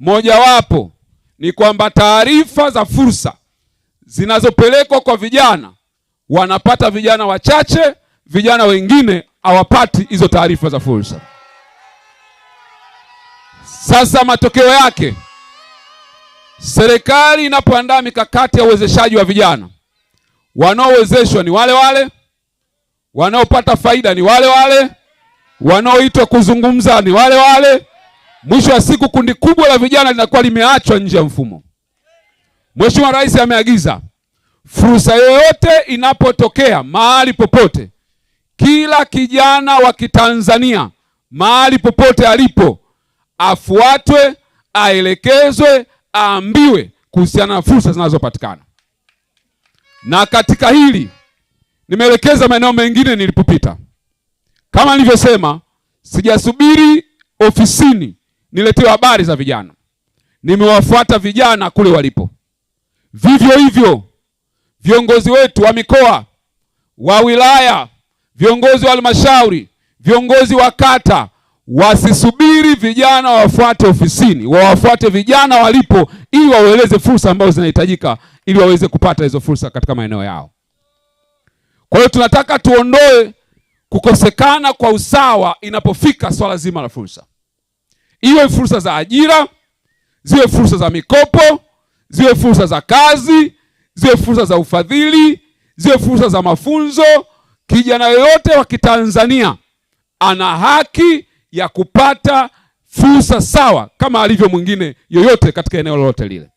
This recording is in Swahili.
Mojawapo ni kwamba taarifa za fursa zinazopelekwa kwa vijana wanapata vijana wachache, vijana wengine hawapati hizo taarifa za fursa. Sasa matokeo yake, serikali inapoandaa mikakati ya uwezeshaji wa vijana, wanaowezeshwa ni wale wale, wanaopata faida ni wale wale, wanaoitwa kuzungumza ni wale wale. Mwisho wa siku kundi kubwa la vijana linakuwa limeachwa nje ya mfumo. Mheshimiwa Rais ameagiza fursa yoyote inapotokea mahali popote, kila kijana wa Kitanzania mahali popote alipo afuatwe, aelekezwe, aambiwe kuhusiana na fursa zinazopatikana. Na katika hili nimeelekeza maeneo mengine nilipopita. Kama nilivyosema, sijasubiri ofisini niletewe habari za vijana, nimewafuata vijana kule walipo. Vivyo hivyo viongozi wetu wa mikoa, wa wilaya, viongozi wa halmashauri, viongozi wa kata wasisubiri vijana wawafuate ofisini, wawafuate vijana walipo, ili waeleze fursa ambazo zinahitajika ili waweze kupata hizo fursa katika maeneo yao. Kwa hiyo tunataka tuondoe kukosekana kwa usawa inapofika swala zima la fursa iwe fursa za ajira, ziwe fursa za mikopo, ziwe fursa za kazi, ziwe fursa za ufadhili, ziwe fursa za mafunzo. Kijana yoyote wa Kitanzania ana haki ya kupata fursa sawa kama alivyo mwingine yoyote katika eneo lolote lile.